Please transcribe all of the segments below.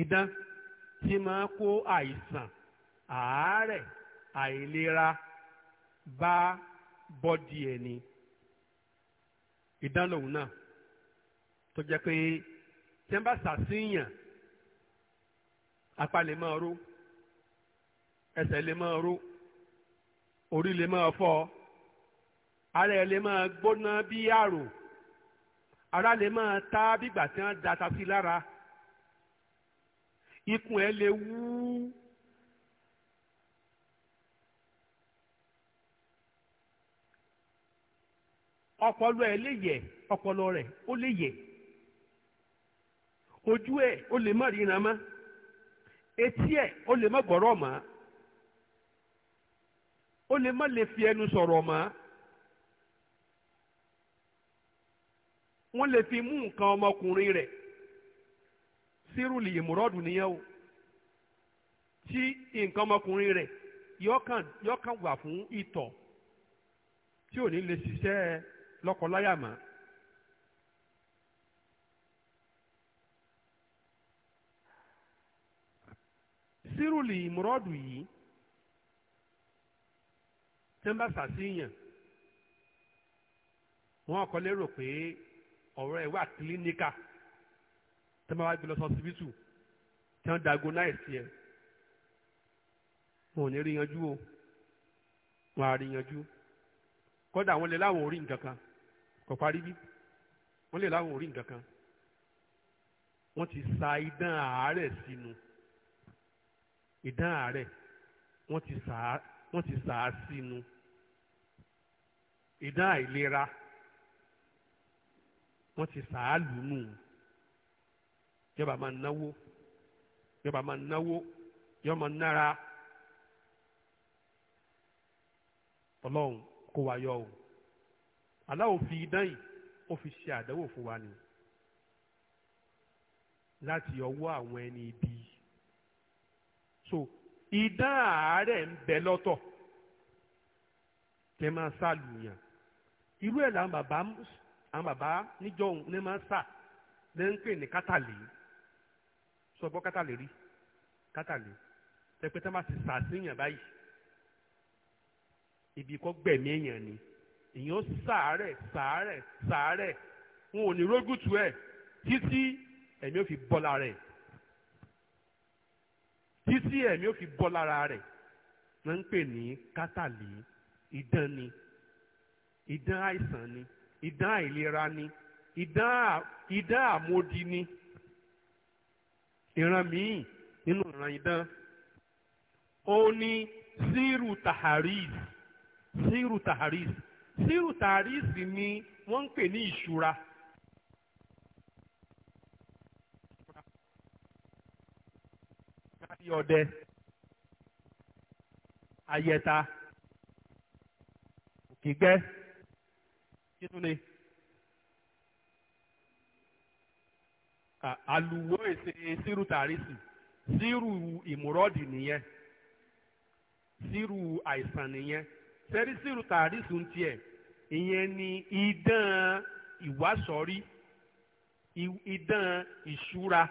idán tí máa kó àìsàn àárẹ̀ àìlera bá bọ́dì ẹni idán lòun náà tó jẹ́ pé tí wọ́n bá ṣàṣìyàn apá lè máa ró ẹsẹ̀ lè máa ró orí lè máa fọ́ ara ẹ̀ lè máa gbóná bí àrò ara lè máa ta bígbà tí wọ́n da ta sí lára ikun ẹ̀ lè wú. ọpọlọ ẹ lè yẹ ọpọlọ rẹ ó lè yẹ ojú ẹ ó lè má ríran mọ́ etí ẹ ó lè má gbọ́rọ̀ mọ́ ó lè má lè fi ẹnu sọ̀rọ̀ mọ́. wọ́n lè fi mú nǹkan ọmọkùnrin rẹ sírùlì ìmúrọ́dù nìyẹn o tí nǹkan ọmọkùnrin rẹ̀ yọkàn yọkàn wà fún ìtọ̀ tí ò ní lè ṣiṣẹ́ lọ́kọláyà mọ́. sírùlì ìmúrọ́dù yìí tí wọ́n bá ṣàṣìyàn wọ́n kọ́ lérò pé ọ̀rọ̀ ẹ̀ wà kílíníkà tí wọ́n bá gbé lọ sọ síbítù tí wọ́n dago náìsì ẹ̀ wọn ò ní rí yanjú o wọn á rí yanjú kódà wọn lè láwọn ò rí nǹkan kan kò parí bí wọn lè láwọn ò rí nǹkan kan wọ́n ti sa idán àárẹ̀ sínú idán àárẹ̀ wọ́n ti sà á ti sà sínú idán àìlera wọ́n ti sà lùnú yọba máa náwó yọba máa náwó yọba máa nára ọlọ́run kó wa yọ o aláwo fi idán yìí ó fi ṣe àdánwò fún wa ni láti ọwọ́ àwọn ẹni ibi so idán àárẹ̀ ń bẹ lọ́tọ̀ tẹ máa sá lùyàn irú ẹ̀ làwọn bàbá àwọn bàbá níjọ́ ní máa sá lẹ́ńpẹ̀ ní kátàlẹ́ sọ bọ́ kátàlè rí kátàlè tẹpẹ tẹ́ máa ti sàṣìyàn báyìí ibi kọ́ gbẹ̀mí èèyàn ni èèyàn sàárẹ̀ sàárẹ̀ sàárẹ̀ wọn ò ní rógùtù ẹ̀ títí ẹ̀mí ò fi bọ́ lára ẹ̀ títí ẹ̀mí ò fi bọ́ lára rẹ̀ wọ́n ń pè ní kátàlè idán ni idán àìsàn ni idán àìlera ni idán àmódi ni. ìran míì nínú ìran idán ó ní síru tahariz síru tahariz síru tahariz ni wọ́n ń pè ní ìṣúra. ọdẹ ayẹta òkìgbẹ́ kí àlùwò èsè sírù tàrísì sírù ìmúrọ́dì nìyẹn sírù àìsàn nìyẹn sẹ́rí sírù tàrísì ń tiẹ̀ ìyẹn ni idán ìwásọ̀rí idán ìṣúra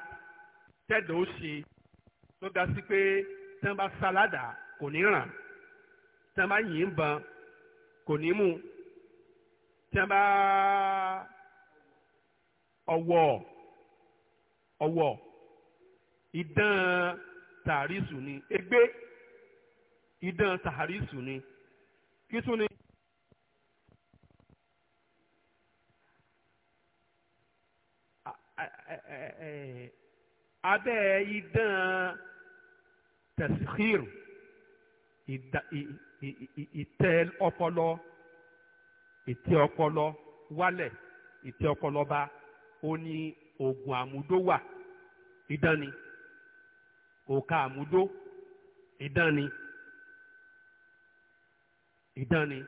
tẹ́dọ̀ ó ṣe tó ga sí pé tán bá sáládà kò ní ràn tán bá yìn ń kò ní mú tán bá ọwọ́ ọwọ́ ìdán tàrísù ni egbé ìdán tàrísù ni kí tún ni. abẹ́ idán tẹ̀síkìrù ìtẹ́ ọpọlọ ìtẹ́ ọpọlọ wálẹ̀ ìtẹ́ ọpọlọ bá ó ní oògùn àmúdó wà idán ni òkà àmúdó idán ni idán ni.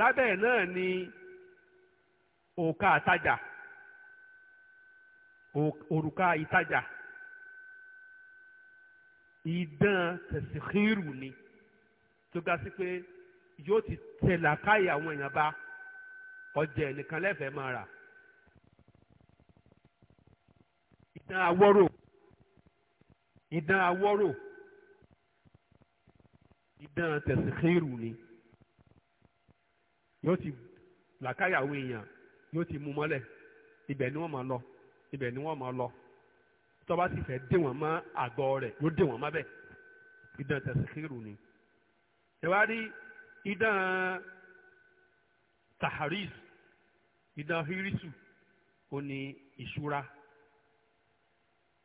lábẹ́ náà ni òkà àtajà òrùka ìtajà idán tẹ̀síkírù ni tó ga sí pé yóò ti tẹ̀lá káyà àwọn èèyàn ọjà ẹnìkan lẹ́fẹ̀ẹ́ máa rà ìdán awọ́rò ìdán awọ́rò ìdán tẹ̀síkírù ni yóò ti làkàyàwó èèyàn yóò ti mú mọ́lẹ̀ ibẹ̀ ni wọ́n máa lọ ibẹ̀ ni wọ́n máa lọ tọ́ba sì fẹ́ dé wọ́n mọ́ àgọ́ rẹ̀ yóò dé wọ́n mọ́ bẹ́ẹ̀ ìdán tẹ̀síkírù ni ẹ wá rí ìdán taharis ìdá hírísù ó ní ìṣúra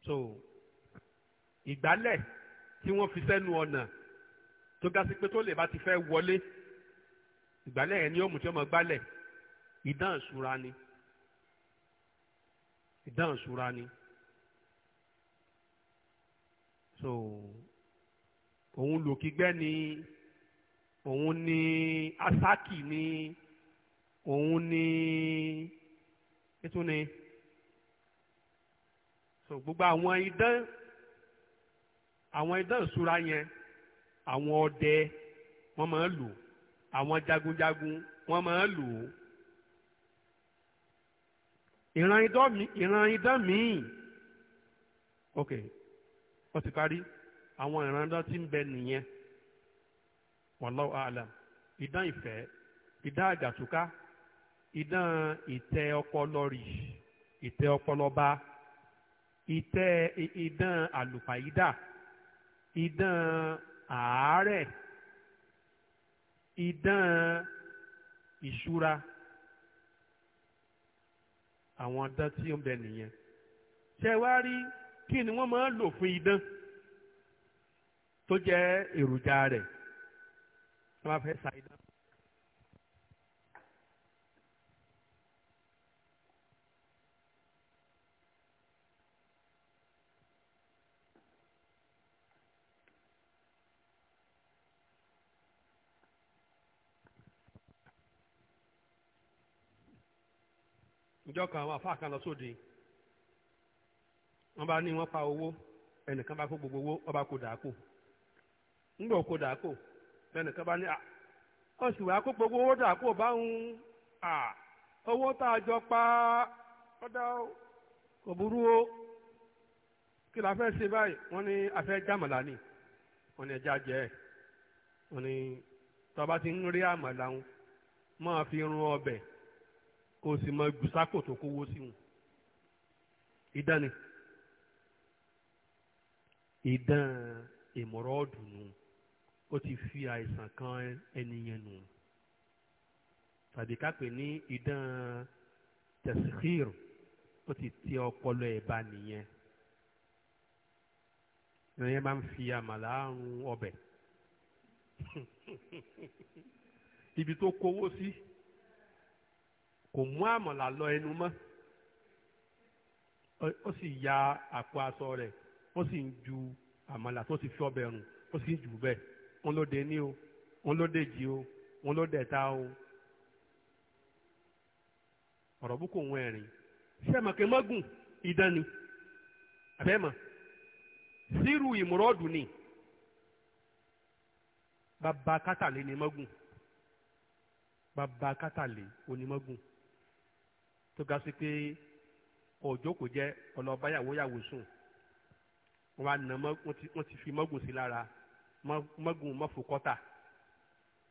so ìgbálẹ̀ tí wọ́n fi sẹ́nu ọ̀nà tó ga sí pé tó lè bá ti fẹ́ wọlé ìgbálẹ̀ yẹn ni tí ó gbálẹ̀ ìdán ìṣúra ni ìdán ìṣúra ni so òun lòkìgbẹ́ ni òun ni asákì ni òun ni ètò ni so gbogbo àwọn idán àwọn idán ìṣúra yẹn àwọn ọdẹ wọ́n máa ń lò àwọn jagunjagun wọ́n máa ń lò ó ìran idán mi ìran idán míì ok ó ti parí àwọn ìran idán tí ń bẹ nìyẹn wallahu a'lam idán ìfẹ́ idán àjàtúká iná ìtẹ́ ọpọlọ rì ìtẹ́ ọpọlọ bá ìtẹ́ iná àlùfàyídà iná àárẹ̀ iná ìṣúra àwọn idán tí ó ń bẹ nìyẹn ṣe kí ni wọ́n máa ń lò fún idán tó jẹ́ èròjà rẹ̀ wọ́n máa fẹ́ sa idán ìjọ kan àwọn àfáà kan lọ sóde wọ́n bá ní wọn pa owó ẹnìkan bá kó gbogbo owó ọba kò dàákò ńgbà kó dàákò ẹnìkan bá ní à wọ́n sì wá kó gbogbo owó dàákò bá à owó tá a jọ pa ọ̀dà kò burú o kí la fẹ́ ṣe báyìí ní afẹ́ ni ní ẹja fi ọbẹ̀ kò sì mọ gbùsákò tó kówó sí wọn idán ni idán ìmọ̀rọ̀ ọ̀dùn nù ó ti fi àìsàn kan ẹnìyẹn nù tàbí ká pè ní idán tẹ̀síkìr ó ti tẹ ọpọlọ ẹ̀ bá nìyẹn ìyẹn máa ń fi àmàlà àrùn ọbẹ̀ ibi tó kówó sí. Si kò mú àmàlà lọ ẹnu mọ́ ó sì ya àpò aṣọ rẹ̀ ó sì ń ju àmàlà tó ti fi ọbẹ̀ rùn ó sì ń jù bẹ́ẹ̀ wọn ló dé ní o wọn ló dé o wọn ló dẹ̀ o ọ̀rọ̀ búkú òun ẹ̀rìn sẹ́mọ̀kẹ́ mọ́gùn ìdánni àbẹ́mọ̀ sírù ìmúrọ́dù ni bàbá kátàlé ni mọ́gùn bàbá kátàlé onímọ́gùn tó ga sí pé ọjọ́ kò jẹ́ ọlọ́ba yàwó yàwó sùn wọn á nà wọn ti fi mọ́gùn sí lára mọ́gùn mọ́fòkọ́tà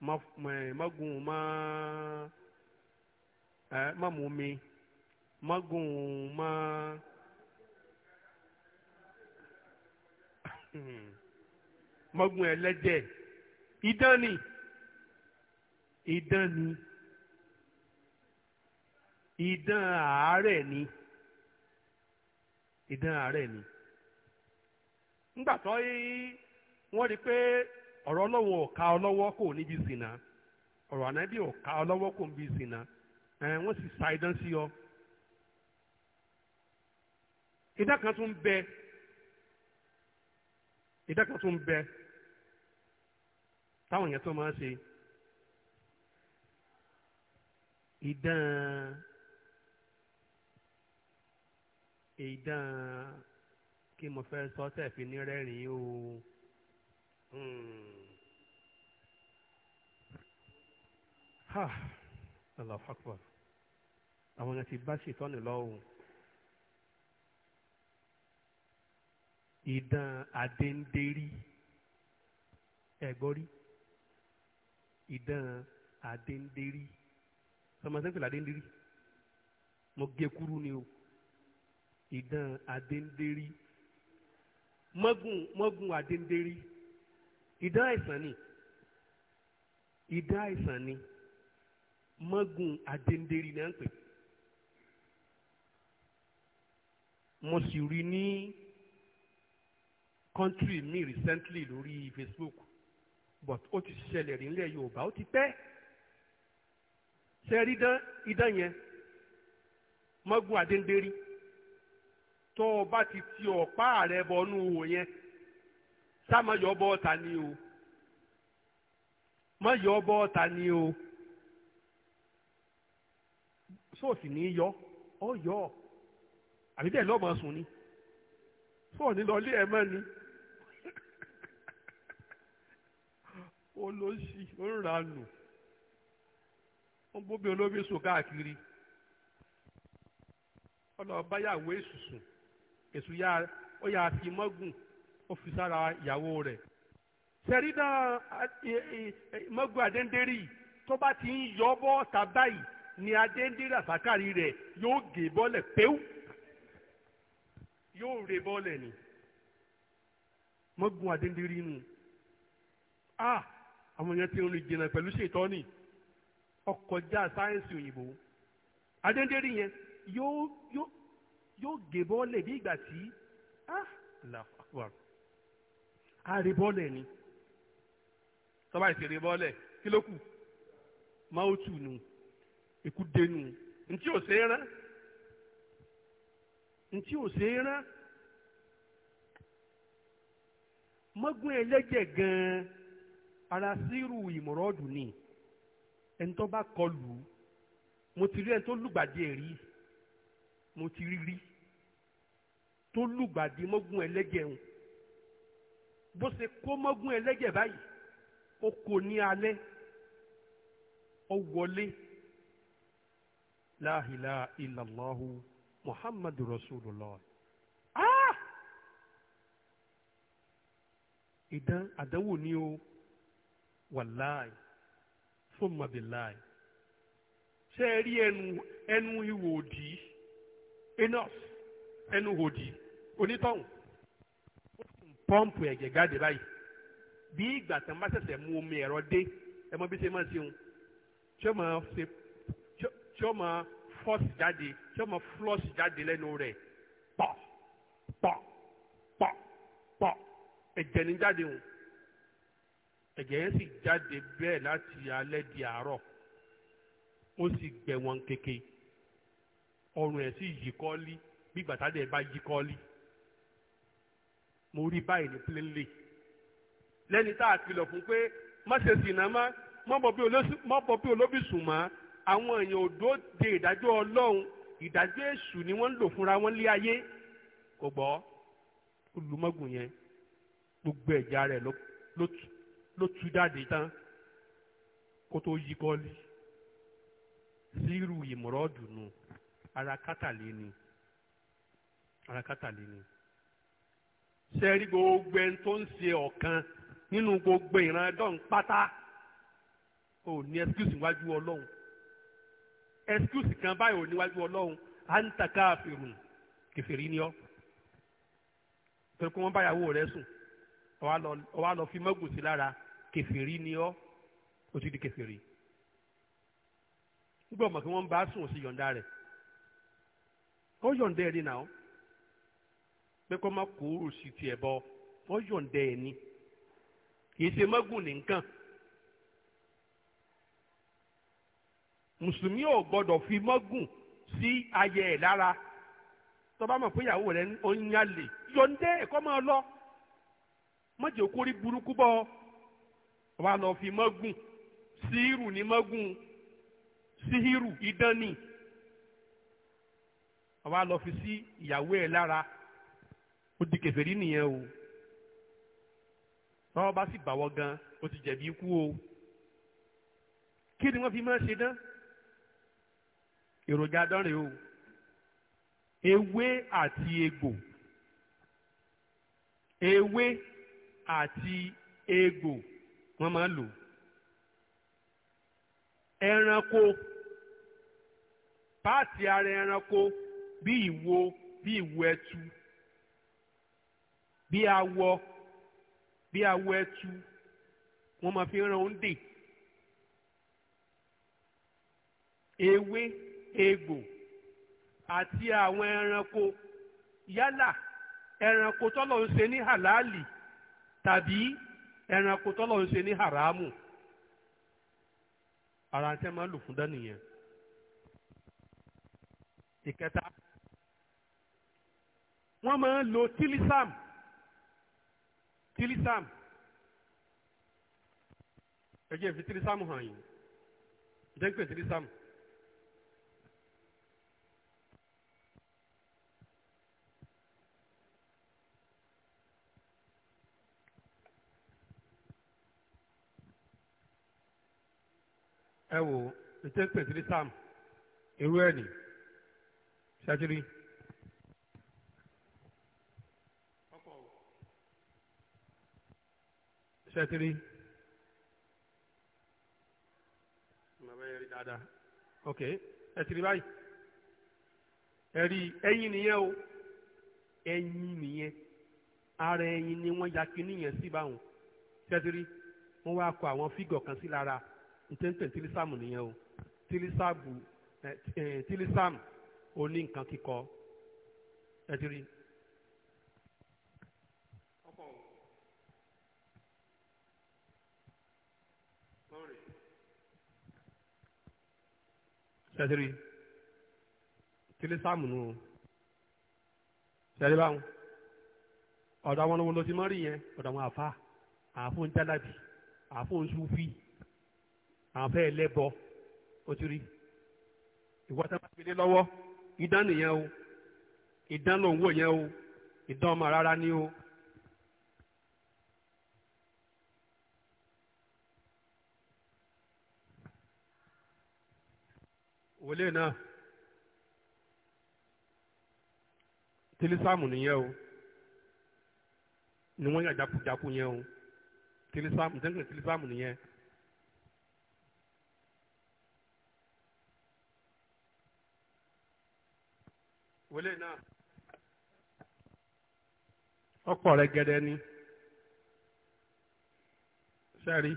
mọ́gùn mọ́ mọ́mùmí mọ́gùn mọ́. mọ́gùn ẹlẹ́jẹ̀ idán ni idán ni. a àárẹ̀ ni idán àárẹ̀ ni nígbà tó wọ́n rí pé ọ̀rọ̀ ọlọ́wọ́ kò níbi ọ̀rọ̀ ànábì kò níbi wọ́n sì sa idán sí ọ. kan tún bẹ kan tún bẹ táwọn yẹn tó ìdán kí mo fẹ́ sọ tẹ̀fí ní rẹ́rìn o hmm. ha Allahu Akbar àwọn yẹn ti bá ṣètọ́nì lọ́wọ́ ìdán adéǹdérí ẹ̀gbọ́rí ìdán adéǹdérí sọmọ sẹ́ńpẹ̀lẹ̀ adéǹdérí mo gé kúrú ni o ìdán adéńdérí mọ́gùn mọ́gùn adéńdérí ìdán àìsàn ni ìdán àìsàn ni mọ́gùn adéńdérí náà ń pè mo sì rí ní kọ́ńtírì mi recently lórí Facebook but ó ti ṣẹlẹ̀ rí nílẹ̀ Yorùbá ó ti pẹ́ ṣe rí idán idán yẹn mọ́gùn adéńdérí tó o bá ti ti ọ̀pá rẹ bọnú ihò yẹn sámọ̀yọ́ bọ́ ọ̀tà ni o mọ̀yọ́ bọ́ ọ̀tà ni o sóòsì ní yọ ọ yọ ọ àbí bẹ́ẹ̀ lọ́mọ sùn ni sóòní lọ lé ẹ mọ́ ni olóṣì ńranù wọ́n olóbi sùn káàkiri ọlọ́ọ̀báyàwó èsùsùn èṣù yá ó yà fi mọ́gùn ó fi sára ìyàwó rẹ̀ sẹ̀rídà mọ́gùn àdéńdérì tó bá ti ń yọ bọ́ ta báyìí ni àdéńdérì àsàkárì rẹ̀ yóò gé bọ́lẹ̀ péw yóò rè bọ́lẹ̀ ni mọ́gùn àdéńdérì nù ah àwọn yẹn ti ń rìn jìnnà pẹ̀lú ṣètọ́nì ọkọjá sáyẹ́nsì òyìnbó àdéńdérì yẹn yóò yóò yóò gé bọ́ọ̀lẹ̀ bí ìgbà tí àrè ah, bọ́ọ̀lẹ̀ ni tọ́ba ìṣeré bọ́ọ̀lẹ̀ kí ló kù máwùtù nù ikú dénú ntí ò ṣe é rán ntí ò ṣe é rán mọ́gún ẹlẹ́jẹ̀ gan-an ara sírù ìmọ̀rọ́dù ni ẹni bá kọlù mo ti rí ẹni tó lùgbàdì ẹ̀ rí mo ti rí rí tó lùgbàdì mọ́gùn ẹlẹ́jẹ̀ ń bó ṣe kó mọ́gùn ẹlẹ́jẹ̀ báyìí ó kò ní alẹ́ ó wọlé la ilaha illallahu muhammadu rasulullah ah ìdán àdánwò ni o wàláì fún bíláì ṣe rí ẹnu ẹnu ihò òdì enos ẹnu òdì onítọ̀hún ó sì ń pọ́ǹpù ẹ̀jẹ̀ jáde báyìí bí ìgbà tán bá ṣẹ̀ṣẹ̀ mú omi ẹ̀rọ dé ẹ mọ bí ṣe máa ṣeun tí ó máa ṣe tí ó máa fọ́ọ̀sì jáde tí ó máa flọ́ọ̀sì jáde lẹ́nu rẹ̀ pọ̀ pọ̀ pọ̀ pọ̀ ẹ̀jẹ̀ ní jáde hùn ẹ̀jẹ̀ yẹn sì jáde bẹ́ẹ̀ láti alẹ́ di àárọ̀ ó sì gbẹ̀wọ̀n kéke ọrùn ẹ̀ sì yí kọ́ọ́lí bí gbàtà dẹ̀ bá yí kọ́ọ́lí mo rí báyìí ní plainly lẹ́ni tá a kìlọ̀ fún pé má ṣe sìnà má má bọ̀ bí olóbì sùn mọ́ àwọn èèyàn òdó de ìdájọ́ ọlọ́run ìdájọ́ èṣù ni wọ́n ń lò fúnra wọn lé ayé kò gbọ́ olùmọ́gùn yẹn gbogbo ẹ̀já rẹ̀ ló tú jáde tán kó tó yí kọ́lí sírù ìmọ̀rọ̀ dùnú ara kátàlẹ́ ni ara kátàlẹ́ ni ṣe rí gbogbo ẹni tó ń ṣe ọ̀kan nínú gbogbo ìran ẹdọ́n pátá ò ní excuse níwájú ọlọ́run excuse kan báyìí ò níwájú ọlọ́run à ń takà àfihàn kẹfìrí ni ọ́ torí pé wọ́n báyàwó rẹ̀ sùn ọ̀wá lọ fi mọ́gùn sí lára kẹfìrí ni ọ́ ó ti di kẹfìrí nígbà ọmọ kí wọ́n bá sùn ó sì yọ̀ǹda rẹ̀ ó yọ̀ǹda ẹ̀rí náà pé kó má kúrú sí tiẹ̀ bọ́ wọ́n yọ̀ǹda ẹ̀ ni kì í ṣe mọ́gùn nìkan. mùsùlùmí ò gbọ́dọ̀ fi mọ́gùn sí ayé ẹ̀ lára tó bá mọ̀ pé ìyàwó rẹ̀ ó ń yálè yọ̀ǹda ẹ̀ kó máa lọ mọ̀jẹ̀ kórí burúkú bọ́ wa lọ fi mọ́gùn síhìrù ní mọ́gùn síhìrù idán ni wa lọ fi sí ìyàwó ẹ̀ lára ó di kèfèrí nìyẹn o tọ́wọ́ bá sì bàwọ́ gan ó ti jẹ̀bi ikú o kí ni wọ́n fi máa ṣe dán èròjà dánrin o ewé àti egbò ewé àti egbò wọ́n máa lò ẹranko páàtì ara ẹranko bí ìwo bí ìwo ẹtu bí awọ bí awọ ẹtu wọ́n máa fi ń ran òǹdè ewé egbò àti àwọn ẹranko yálà ẹranko tọ́lọ̀ ń ṣe ní halali tàbí ẹranko tọ́lọ̀ ń ṣe ní haramu ara ń tẹ́ máa lò fún dánìyẹn ìkẹta wọ́n máa ń lo tilisam tírísàm ẹ jẹ́ fi tírísàm hàn yín jẹ́ ń pè tírísàm. ẹ wò ètò ìpè tírísàm irú ẹ̀ ní ṣáájú ṣẹ́tìrí màmá yẹn rí dáadáa ok ẹ̀tìrí báyìí ẹ̀rí ẹyin nìyẹn o ẹyin nìyẹn ara ẹyin ni wọ́n ya kinní yẹn sí báwọn ṣẹ́tìrí wọ́n wá kọ àwọn fígọ̀ kan sí lára ntẹ́ntẹ́ tílísàmù nìyẹn o tílísàmù oní nǹkan kíkọ ẹ̀tìrí. ṣẹ́tìrì tílísàmù nù ṣẹ́tìrì báwọn ọ̀dọ̀ àwọn ọlọ́wọ́ ló ti mọ́ rí yẹn ọ̀dọ̀ àwọn àfa àfún jálàbì àfún sufi àfẹ́ ẹlẹ́bọ ó ti rí ìwọ tá a bá gbélé lọ́wọ́ ìdán nìyẹn o ìdán lòun wò o ìdán ọmọ rárá ni o. òwòlé náà tilisamu nìyẹn o ni wọ́n yà jakujaku yẹn o tilisamu jẹ́nkẹ́ tilisamu nìyẹn. wòlé náà ọkọ rẹ gẹdẹ ni sẹ́rí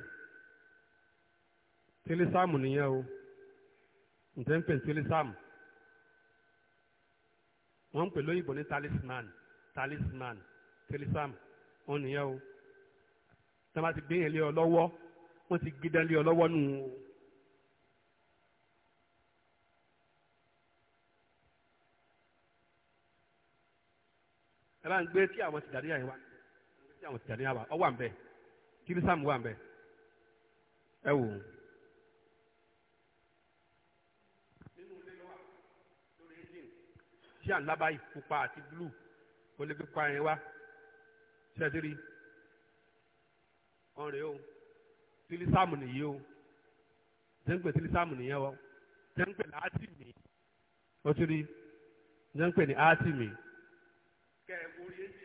tilisamu nìyẹn o ǹjẹ́ ń pè ní tílísàmù wọ́n ń talisman talisman tílísàmù wọ́n nìyẹn o tí wọ́n bá ti gbé yẹn lé ọ lọ́wọ́ wọ́n ti gbídán lé ọ lọ́wọ́ nù ú. ẹ bá ń gbé tí àwọn tìjàdí yà wá tí àwọn tìjàdí yà wá ọ wà ń bẹ tílísàmù wà ń bẹ ẹ wò ó. lórí engine tí à ń lábá yìí pupa àti blue kò lè fi pa yẹn wá ṣẹ́tìrì ọ̀rẹ́ o tìlísàmù nìyí o jẹ́ǹpẹ̀ tìlísàmù nìyẹn o jẹ́ǹpẹ̀ láti mi ó ti rí jẹ́ǹpẹ̀ ní áàtì mi kẹ́ ẹ̀ wọ́n rí engine.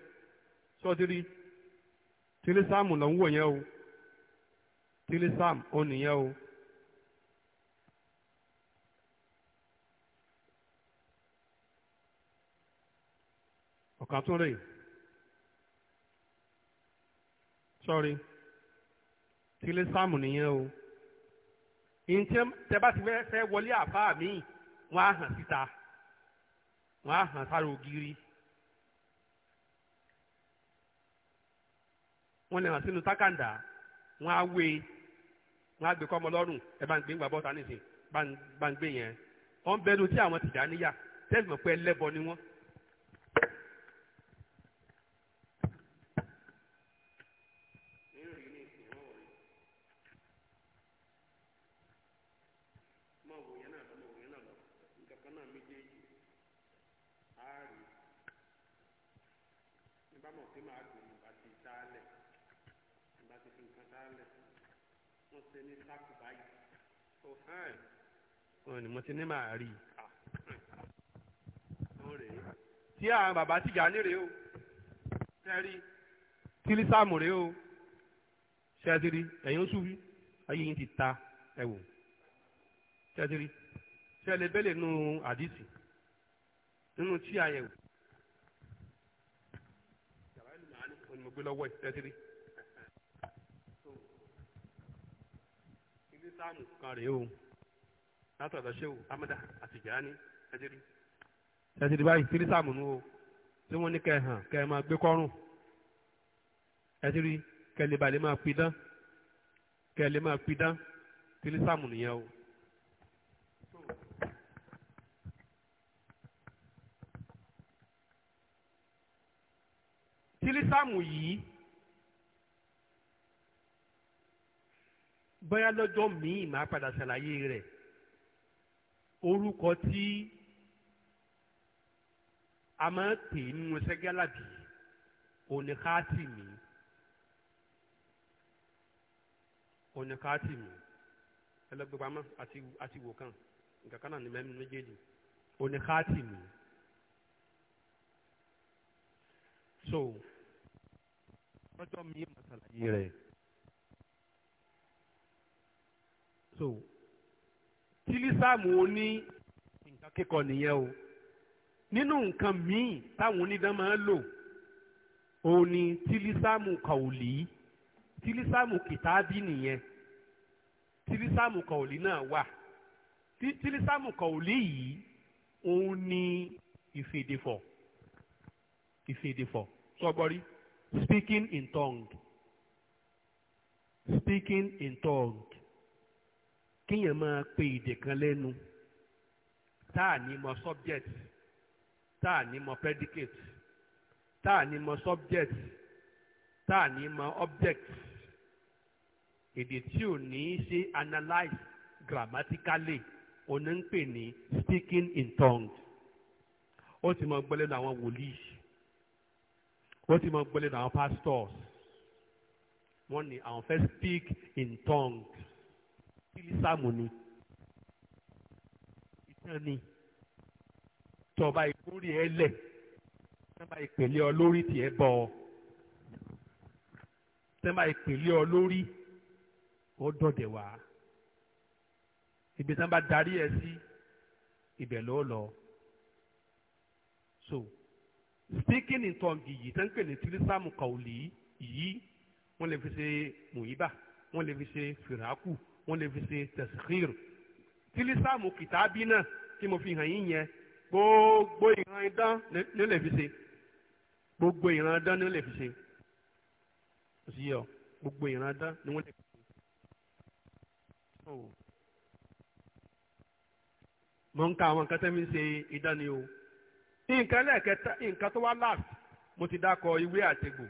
sọdiri tilisamu ló ń wò o tilisam ó nìyẹn o. ọ̀kan tún tilisamu nìyẹn o. ìǹtẹ́ tẹ́ bá ti fẹ́ afa ogiri. wọ́n lè hàn sínú tákàndá wọ́n á wé wọ́n á gbé kọ́ ọmọ lọ́rùn ẹ bá ń gbé ń gbà bọ́ta nísìn bá ń gbé yẹn wọ́n bẹ́ẹ̀ lu tí àwọn tìjà níyà tẹ́sí mọ̀ pé ẹlẹ́bọ ni wọ́n ni mo ti ní màá rí i. tí àwọn bàbá tìjà ní rèé o tẹ́rí tílísàmù rèé o ṣẹ́tìrí ẹ̀yin oṣù ayé yín ti ta ẹ wò ṣẹ́tìrí ṣẹlẹ̀ bẹ́lẹ̀ nù àdìsí nínú tí àyẹ̀wò. ni mo gbé kan rèé o látọ̀dọ̀ ṣéwù amúdá àtìjáni ṣẹ́jìrì ṣẹ́jìrì báyìí tírísàmù nù o tí wọ́n ní kẹ́ hàn kẹ́ máa gbé kọ́rùn ṣẹ́jìrì kẹ́ lè balẹ̀ máa pidán kẹ́ lè máa pidán tírísàmù nìyẹn o. tírísàmù yìí bóyá lọ́jọ́ míì máa padà ṣàlàyé rẹ̀ orúkọ tí a máa pè nínú sẹ́gẹ́làbí oníkátìmí oníkátìmí ẹlẹgbẹpamọ àti àti wò kàn nǹkan kan náà ní mẹ́rin méjèèjì oníkátìmí so ọjọ́ mi yé màsàlàyé rẹ̀ so tí lísàmù oní nǹkan kíkọ nìyẹn o nínú nǹkan míì táwọn onídán máa ń lò òun ni tílísàmù kàòlì tílísàmù kìtàbí nìyẹn tílísàmù kàòlì náà wà tílísàmù kàòlì yìí òun ni ìfèdèfọ̀ ìfèdèfọ̀ sọgbọ́rí speaking in tongue speaking in tongue kéèyàn máa pe èdè kan lẹ́nu tá ní mọ subject tá à ní mọ predicate tá à ní mọ subject tá à ní mọ object èdè tí ò ní í ṣe analyse grammatically òní ń pè ní speaking in tongues ó ti mọ gbọ́ lẹ́nu àwọn wòlíì ó ti mọ gbọ́ lẹ́nu àwọn pastors wọ́n ní àwọn fẹ́ speak in tongues tílísàmù ni ìtàn ni tọba ìkórè ẹ lẹ tẹnba ìpèlè ọ lórí tiẹ bọ ọ tẹnba ìpèlè ọ lórí ó dọdẹ wá ibi tẹnba darí ẹ sí ibẹ̀ ló lọ so speaking in tongue yìí tẹ́ ń pè ní tílísàmù kàwùlì yìí wọ́n lè fi ṣe mùyíbà wọ́n lè fi ṣe fìràkù wọ́n lè fi ṣe tẹ̀síkìr tílísàmù kìtàbí náà tí mo fi hàn yín yẹn gbogbo ìran idán ló lè fi ṣe gbogbo ìran idán ló lè fi ṣe kò sí yọ gbogbo ìran idán ni wọ́n lè fi ṣe. mo ń ka àwọn nǹkan tẹ́mi ṣe idán ni nǹkan lẹ́ẹ̀kẹta nǹkan tó wá láàf mo ti dákọ̀ ìwé àtegbò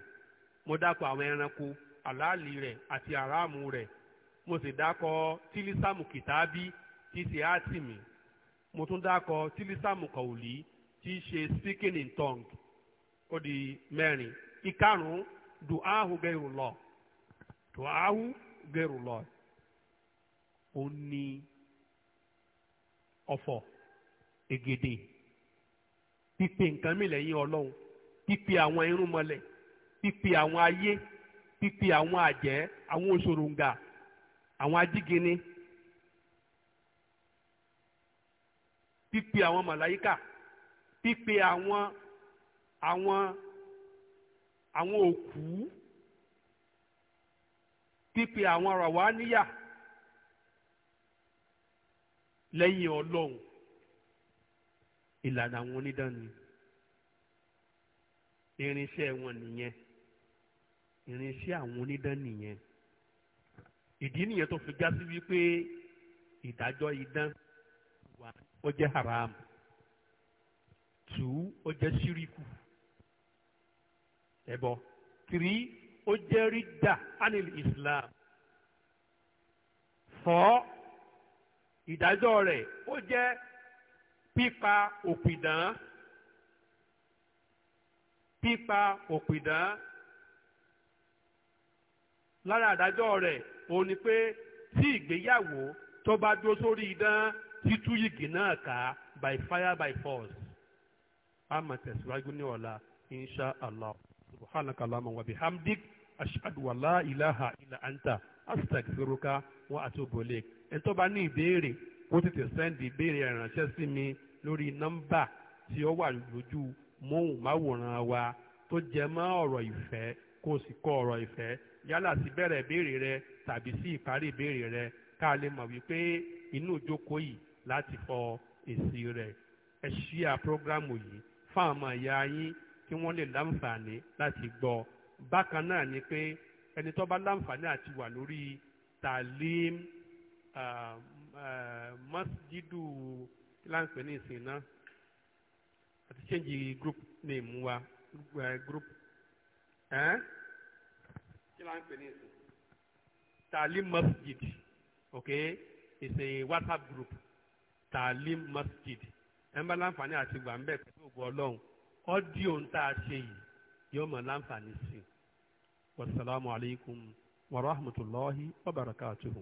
mo dákọ̀ àwọn ẹranko àlàálì rẹ̀ àti àràmù rẹ̀ mo sì dákọ tílísàmù kìtàbí tí ṣe átìmì mo tún dákọ tílísàmù kọ̀wùlì tí ṣe speaking in tongue ó di mẹ́rin ìkarùn-ún duahu gẹ̀rù lọ duahu gẹ̀rù lọ ó ní ọ̀fọ̀ ègèdè pípe nǹkan mi lẹ́yìn ọlọ́run pípe àwọn irúnmọlẹ̀ pípe àwọn ayé pípe àwọn àjẹ́ àwọn òṣòròǹgà àwọn ajígini pípe àwọn màláyíkà pípe àwọn àwọn àwọn òkú pípe àwọn ràwáníyà lẹ́yìn ọlọ́run ìlànà àwọn onídán ni irinṣẹ́ wọn nìyẹn irinṣẹ́ àwọn onídán nìyẹn ìdí nìyẹn tó fi já sí wípé ìdájọ́ idán wà ó jẹ́ haram two ó jẹ́ ṣíríkù ẹbọ three ó jẹ́ rídà anil islam four ìdájọ́ rẹ̀ ó jẹ́ pípa òpìdán pípa òpìdán lára àdájọ́ rẹ̀ òun ni pé tí ìgbéyàwó tó bá dúró sórí idán títú yìgì by fire by force. a máa tẹ̀síwájú ní ọ̀la insha allah wa ilaha anta astaghfiruka wa atubu lake. tó bá ní ìbéèrè mi lórí nọ́mbà tí ó wa tó jẹ mọ́ ọ̀rọ̀ ìfẹ́ kó o sì ọ̀rọ̀ ìfẹ́ yálà sí bẹ̀rẹ̀ ìbéèrè rẹ tàbí sí ìparí ìbéèrè rẹ ká lè mọ̀ wípé inú ìjókòó yìí láti fọ èsì rẹ̀ ẹ ṣíà prógrámù yìí fáwọn ọmọ ìyá yín kí wọ́n lè láǹfààní láti gbọ́ bákan náà ni pé ẹni tó bá láǹfààní àti wà lórí talim masjidu kí láǹpẹ ní ìsìn náà àti change group name wa group. Eh? tali talim masjid okay it's a whatsapp group talim masjid ẹ ń bá láǹfààní àti gbà ń bẹ̀ pẹ̀lú ògùn ọlọ́run ọ́díò ń tá a ṣe yìí yóò mọ̀ láǹfààní sí i wasalaamualeykum wa rahmatulahi wa barakatuhu.